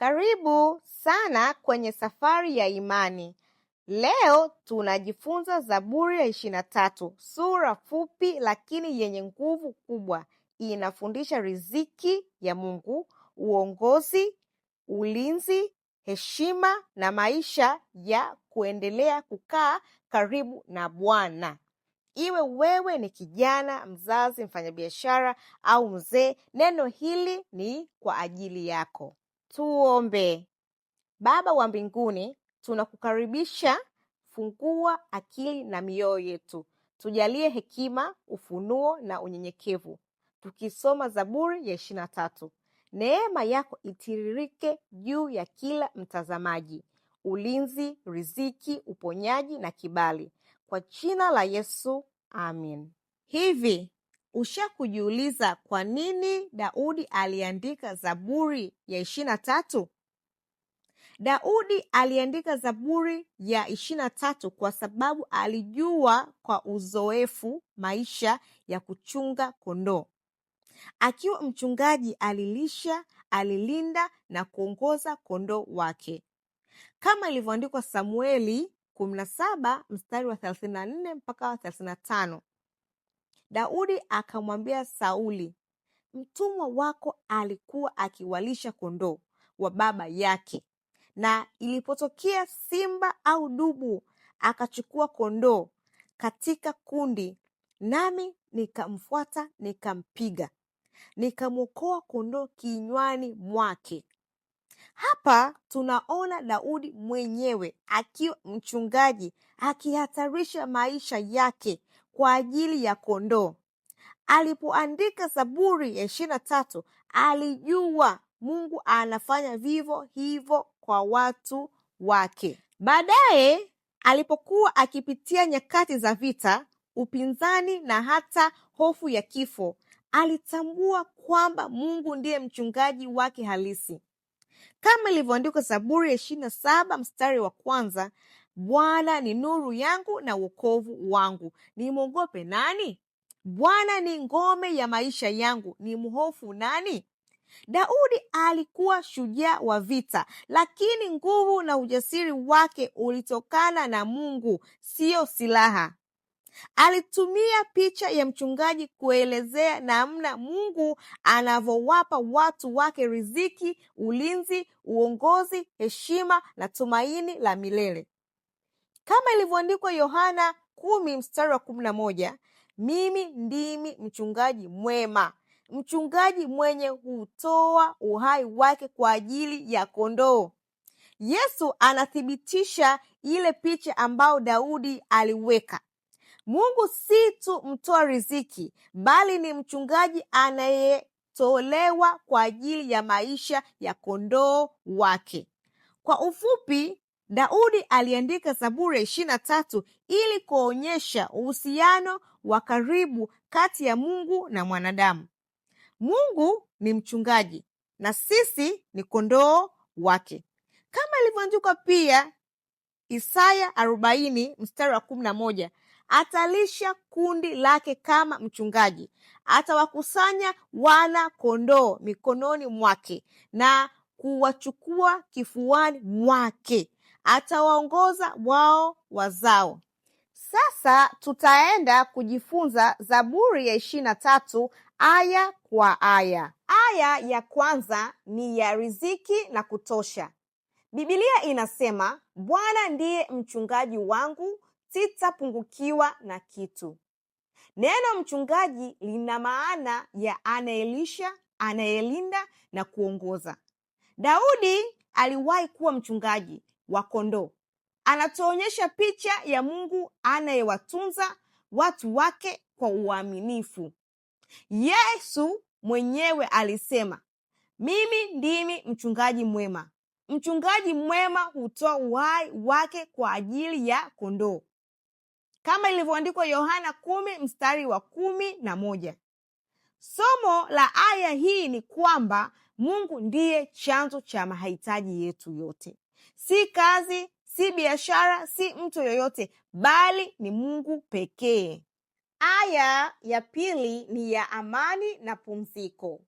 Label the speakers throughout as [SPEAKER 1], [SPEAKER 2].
[SPEAKER 1] Karibu sana kwenye Safari ya Imani. Leo tunajifunza Zaburi ya ishirini na tatu, sura fupi lakini yenye nguvu kubwa. Inafundisha riziki ya Mungu, uongozi, ulinzi, heshima na maisha ya kuendelea kukaa karibu na Bwana. Iwe wewe ni kijana, mzazi, mfanyabiashara au mzee, neno hili ni kwa ajili yako. Tuombe. Baba wa mbinguni, tunakukaribisha. Fungua akili na mioyo yetu, tujalie hekima, ufunuo na unyenyekevu, tukisoma Zaburi ya ishirini na tatu. Neema yako itiririke juu ya kila mtazamaji, ulinzi, riziki, uponyaji na kibali, kwa jina la Yesu, amin. Hivi Ushakujiuliza kwa nini Daudi aliandika Zaburi ya ishirini na tatu? Daudi aliandika Zaburi ya ishirini na tatu kwa sababu alijua kwa uzoefu maisha ya kuchunga kondoo. Akiwa mchungaji, alilisha, alilinda na kuongoza kondoo wake, kama ilivyoandikwa Samueli 17 mstari wa 34 mpaka wa 35. Daudi akamwambia Sauli, mtumwa wako alikuwa akiwalisha kondoo wa baba yake, na ilipotokea simba au dubu akachukua kondoo katika kundi, nami nikamfuata nikampiga, nikamwokoa kondoo kinywani mwake. Hapa tunaona Daudi mwenyewe akiwa mchungaji akihatarisha maisha yake kwa ajili ya kondoo. Alipoandika Zaburi ya ishirini na tatu alijua Mungu anafanya vivyo hivyo kwa watu wake. Baadaye alipokuwa akipitia nyakati za vita, upinzani na hata hofu ya kifo, alitambua kwamba Mungu ndiye mchungaji wake halisi, kama ilivyoandikwa Zaburi ya ishirini na saba mstari wa kwanza, Bwana ni nuru yangu na wokovu wangu, nimwogope nani? Bwana ni ngome ya maisha yangu, ni mhofu nani? Daudi alikuwa shujaa wa vita, lakini nguvu na ujasiri wake ulitokana na Mungu, siyo silaha. Alitumia picha ya mchungaji kuelezea namna Mungu anavyowapa watu wake riziki, ulinzi, uongozi, heshima na tumaini la milele kama ilivyoandikwa Yohana kumi mstari wa kumi na moja mimi ndimi mchungaji mwema, mchungaji mwenye hutoa uhai wake kwa ajili ya kondoo. Yesu anathibitisha ile picha ambayo Daudi aliweka. Mungu si tu mtoa riziki, bali ni mchungaji anayetolewa kwa ajili ya maisha ya kondoo wake. Kwa ufupi, Daudi aliandika Zaburi ishirini na tatu ili kuonyesha uhusiano wa karibu kati ya Mungu na mwanadamu. Mungu ni mchungaji na sisi ni kondoo wake, kama ilivyoandikwa pia Isaya arobaini mstari wa kumi na moja atalisha kundi lake kama mchungaji, atawakusanya wana kondoo mikononi mwake na kuwachukua kifuani mwake atawaongoza wao wazao. Sasa tutaenda kujifunza Zaburi ya ishirini na tatu aya kwa aya. Aya ya kwanza ni ya riziki na kutosha. Bibilia inasema, Bwana ndiye mchungaji wangu, sitapungukiwa na kitu. Neno mchungaji lina maana ya anayelisha, anayelinda na kuongoza. Daudi aliwahi kuwa mchungaji wa kondoo. Anatuonyesha picha ya Mungu anayewatunza watu wake kwa uaminifu. Yesu mwenyewe alisema, mimi ndimi mchungaji mwema. Mchungaji mwema hutoa uhai wake kwa ajili ya kondoo, kama ilivyoandikwa Yohana kumi mstari wa kumi na moja. Somo la aya hii ni kwamba Mungu ndiye chanzo cha mahitaji yetu yote si kazi, si biashara, si mtu yoyote, bali ni Mungu pekee. Aya ya pili ni ya amani na pumziko.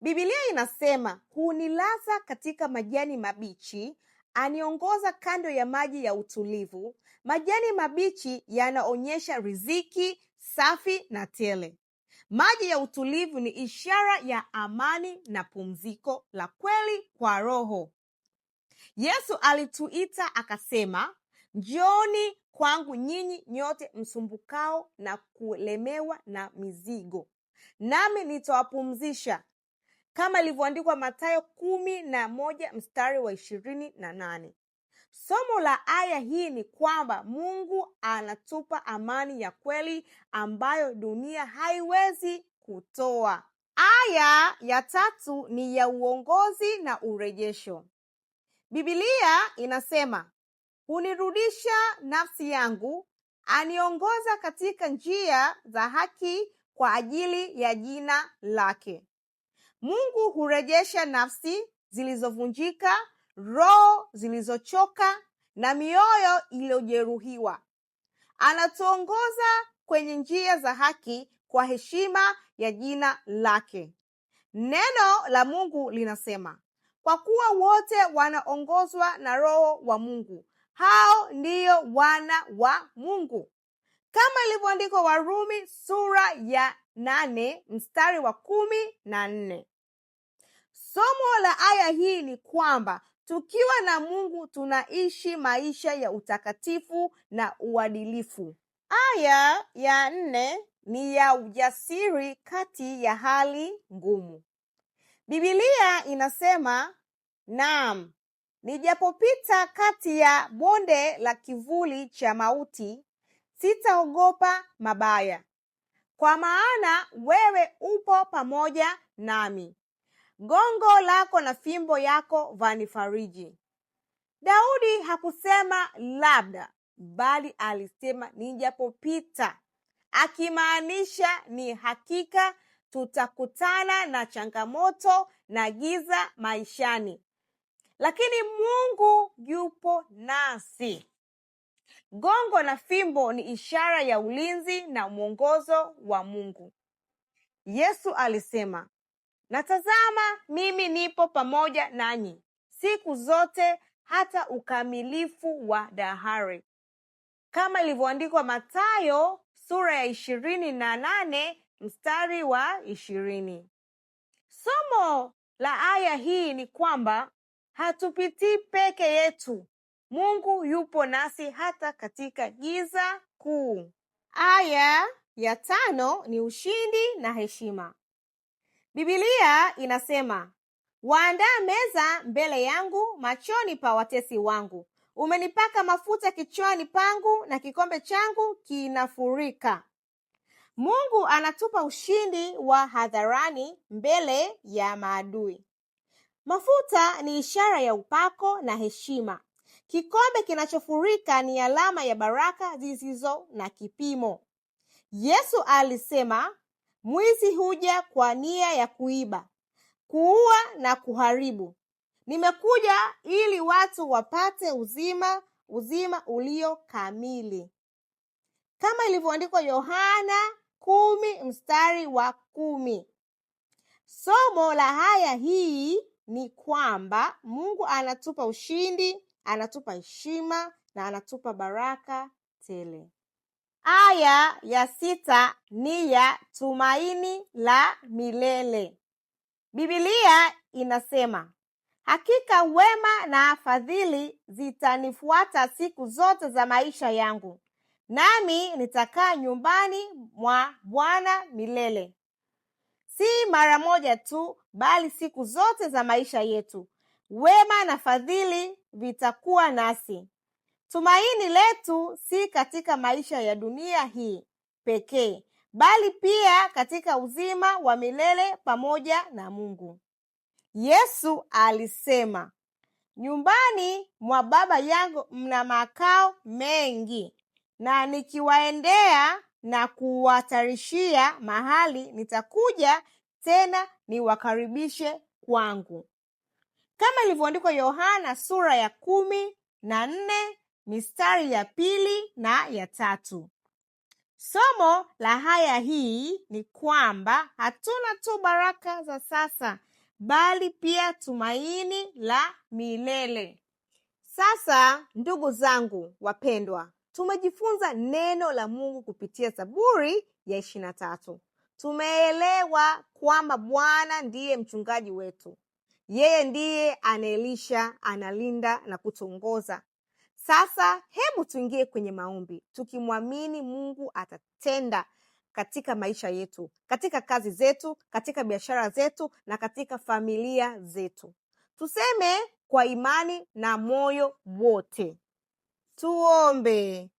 [SPEAKER 1] Biblia inasema, hunilaza katika majani mabichi, aniongoza kando ya maji ya utulivu. Majani mabichi yanaonyesha riziki safi na tele. Maji ya utulivu ni ishara ya amani na pumziko la kweli kwa roho. Yesu alituita akasema, njioni kwangu nyinyi nyote msumbukao na kulemewa na mizigo, nami nitawapumzisha, kama ilivyoandikwa matayo kumi na moja mstari wa ishirini na nane. Somo la aya hii ni kwamba Mungu anatupa amani ya kweli ambayo dunia haiwezi kutoa. Aya ya tatu ni ya uongozi na urejesho. Biblia inasema, hunirudisha nafsi yangu, aniongoza katika njia za haki kwa ajili ya jina lake. Mungu hurejesha nafsi zilizovunjika, roho zilizochoka na mioyo iliyojeruhiwa. Anatuongoza kwenye njia za haki kwa heshima ya jina lake. Neno la Mungu linasema kwa kuwa wote wanaongozwa na Roho wa Mungu. Hao ndiyo wana wa Mungu, kama ilivyoandikwa Warumi sura ya nane mstari wa kumi na nne. Somo la aya hii ni kwamba tukiwa na Mungu tunaishi maisha ya utakatifu na uadilifu. Aya ya nne ni ya ujasiri kati ya hali ngumu. Biblia inasema naam, nijapopita kati ya bonde la kivuli cha mauti, sitaogopa mabaya, kwa maana wewe upo pamoja nami, gongo lako na fimbo yako vanifariji. Daudi hakusema labda, bali alisema nijapopita, akimaanisha ni hakika tutakutana na changamoto na giza maishani, lakini Mungu yupo nasi. Gongo na fimbo ni ishara ya ulinzi na mwongozo wa Mungu. Yesu alisema, natazama mimi nipo pamoja nanyi siku zote hata ukamilifu wa dahari, kama ilivyoandikwa Mathayo sura ya ishirini na nane mstari wa ishirini. Somo la aya hii ni kwamba hatupitii peke yetu. Mungu yupo nasi hata katika giza kuu. Aya ya tano ni ushindi na heshima. Bibilia inasema, waandaa meza mbele yangu machoni pa watesi wangu, umenipaka mafuta kichwani pangu, na kikombe changu kinafurika. Mungu anatupa ushindi wa hadharani mbele ya maadui. Mafuta ni ishara ya upako na heshima. Kikombe kinachofurika ni alama ya baraka zisizo na kipimo. Yesu alisema, mwizi huja kwa nia ya kuiba, kuua na kuharibu. Nimekuja ili watu wapate uzima, uzima ulio kamili. Kama ilivyoandikwa Yohana kumi mstari wa kumi. Somo la haya hii ni kwamba Mungu anatupa ushindi, anatupa heshima na anatupa baraka tele. Aya ya sita ni ya tumaini la milele. bibilia inasema, hakika wema na fadhili zitanifuata siku zote za maisha yangu nami nitakaa nyumbani mwa Bwana milele. Si mara moja tu, bali siku zote za maisha yetu. Wema na fadhili vitakuwa nasi. Tumaini letu si katika maisha ya dunia hii pekee, bali pia katika uzima wa milele pamoja na Mungu. Yesu alisema, nyumbani mwa Baba yangu mna makao mengi na nikiwaendea na kuwatarishia mahali, nitakuja tena niwakaribishe kwangu, kama ilivyoandikwa Yohana sura ya kumi na nne mistari ya pili na ya tatu. Somo la haya hii ni kwamba hatuna tu baraka za sasa, bali pia tumaini la milele. Sasa ndugu zangu wapendwa, Tumejifunza neno la Mungu kupitia Zaburi ya ishirini na tatu. Tumeelewa kwamba Bwana ndiye mchungaji wetu, yeye ndiye anaelisha, analinda na kutuongoza. Sasa hebu tuingie kwenye maombi, tukimwamini Mungu atatenda katika maisha yetu, katika kazi zetu, katika biashara zetu na katika familia zetu. Tuseme kwa imani na moyo wote. Tuombe.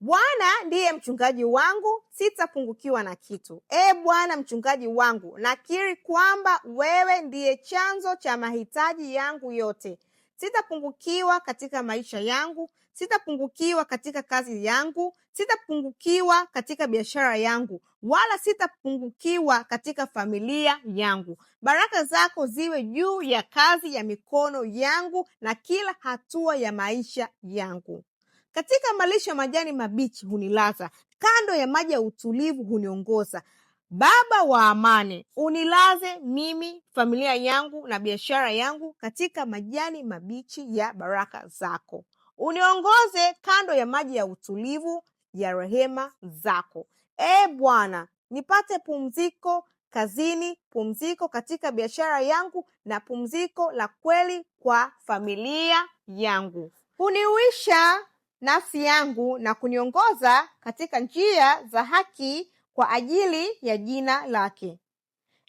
[SPEAKER 1] Bwana ndiye mchungaji wangu, sitapungukiwa na kitu. E Bwana mchungaji wangu, nakiri kwamba wewe ndiye chanzo cha mahitaji yangu yote. Sitapungukiwa katika maisha yangu, sitapungukiwa katika kazi yangu, sitapungukiwa katika biashara yangu, wala sitapungukiwa katika familia yangu. Baraka zako ziwe juu ya kazi ya mikono yangu na kila hatua ya maisha yangu. Katika malisho ya majani mabichi hunilaza, kando ya maji ya utulivu huniongoza. Baba wa amani, unilaze mimi, familia yangu na biashara yangu katika majani mabichi ya baraka zako. Uniongoze kando ya maji ya utulivu ya rehema zako. E Bwana, nipate pumziko kazini, pumziko katika biashara yangu, na pumziko la kweli kwa familia yangu. Huniwisha nafsi yangu na kuniongoza katika njia za haki kwa ajili ya jina lake.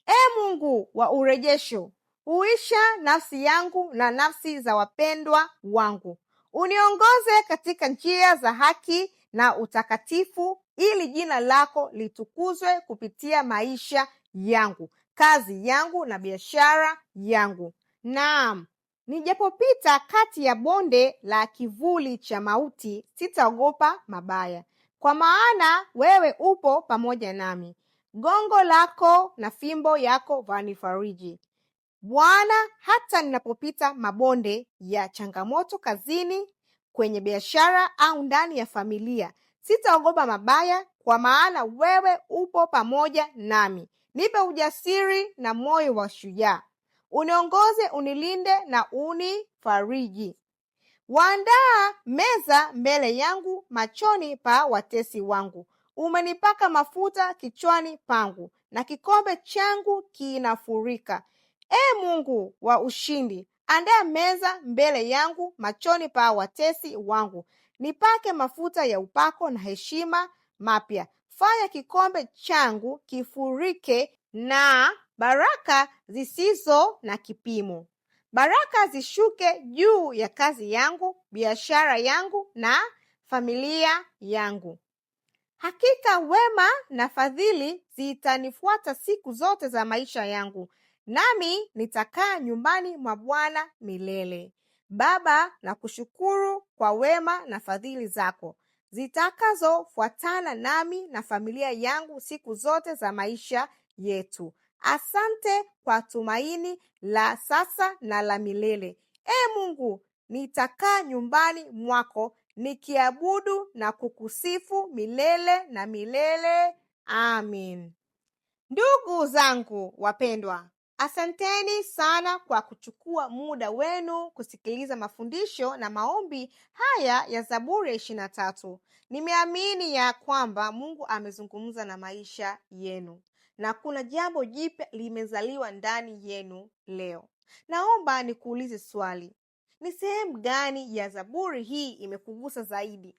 [SPEAKER 1] E Mungu wa urejesho, huisha nafsi yangu na nafsi za wapendwa wangu, uniongoze katika njia za haki na utakatifu, ili jina lako litukuzwe kupitia maisha yangu, kazi yangu na biashara yangu. Naam, Nijapopita kati ya bonde la kivuli cha mauti, sitaogopa mabaya, kwa maana wewe upo pamoja nami; gongo lako na fimbo yako vanifariji. Bwana, hata ninapopita mabonde ya changamoto kazini, kwenye biashara au ndani ya familia, sitaogopa mabaya, kwa maana wewe upo pamoja nami. Nipe ujasiri na moyo wa shujaa uniongoze, unilinde na unifariji. Waandaa meza mbele yangu machoni pa watesi wangu. Umenipaka mafuta kichwani pangu, na kikombe changu kinafurika. E Mungu wa ushindi, andaa meza mbele yangu machoni pa watesi wangu. Nipake mafuta ya upako na heshima mapya. Fanya kikombe changu kifurike na baraka zisizo na kipimo. Baraka zishuke juu ya kazi yangu, biashara yangu na familia yangu. Hakika wema na fadhili zitanifuata siku zote za maisha yangu, nami nitakaa nyumbani mwa Bwana milele. Baba, na kushukuru kwa wema na fadhili zako zitakazofuatana nami na familia yangu siku zote za maisha yetu. Asante kwa tumaini la sasa na la milele. E Mungu, nitakaa nyumbani mwako nikiabudu na kukusifu milele na milele. Amin. Ndugu zangu wapendwa, asanteni sana kwa kuchukua muda wenu kusikiliza mafundisho na maombi haya ya Zaburi ya ishirini na tatu. Nimeamini ya kwamba Mungu amezungumza na maisha yenu na kuna jambo jipya limezaliwa ndani yenu leo. Naomba nikuulize swali, ni sehemu gani ya Zaburi hii imekugusa zaidi?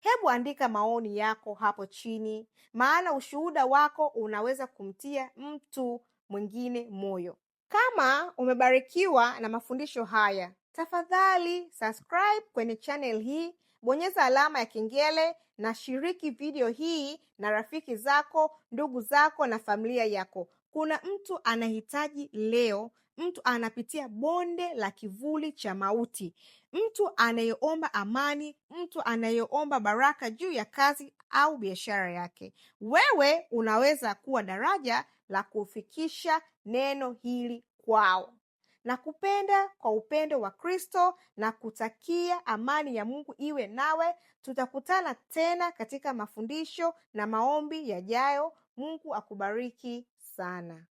[SPEAKER 1] Hebu andika maoni yako hapo chini, maana ushuhuda wako unaweza kumtia mtu mwingine moyo. Kama umebarikiwa na mafundisho haya, tafadhali subscribe kwenye channel hii bonyeza alama ya kengele na shiriki video hii na rafiki zako, ndugu zako na familia yako. Kuna mtu anahitaji leo, mtu anapitia bonde la kivuli cha mauti, mtu anayeomba amani, mtu anayeomba baraka juu ya kazi au biashara yake. Wewe unaweza kuwa daraja la kufikisha neno hili kwao na kupenda kwa upendo wa Kristo na kutakia amani ya Mungu iwe nawe. Tutakutana tena katika mafundisho na maombi yajayo. Mungu akubariki sana.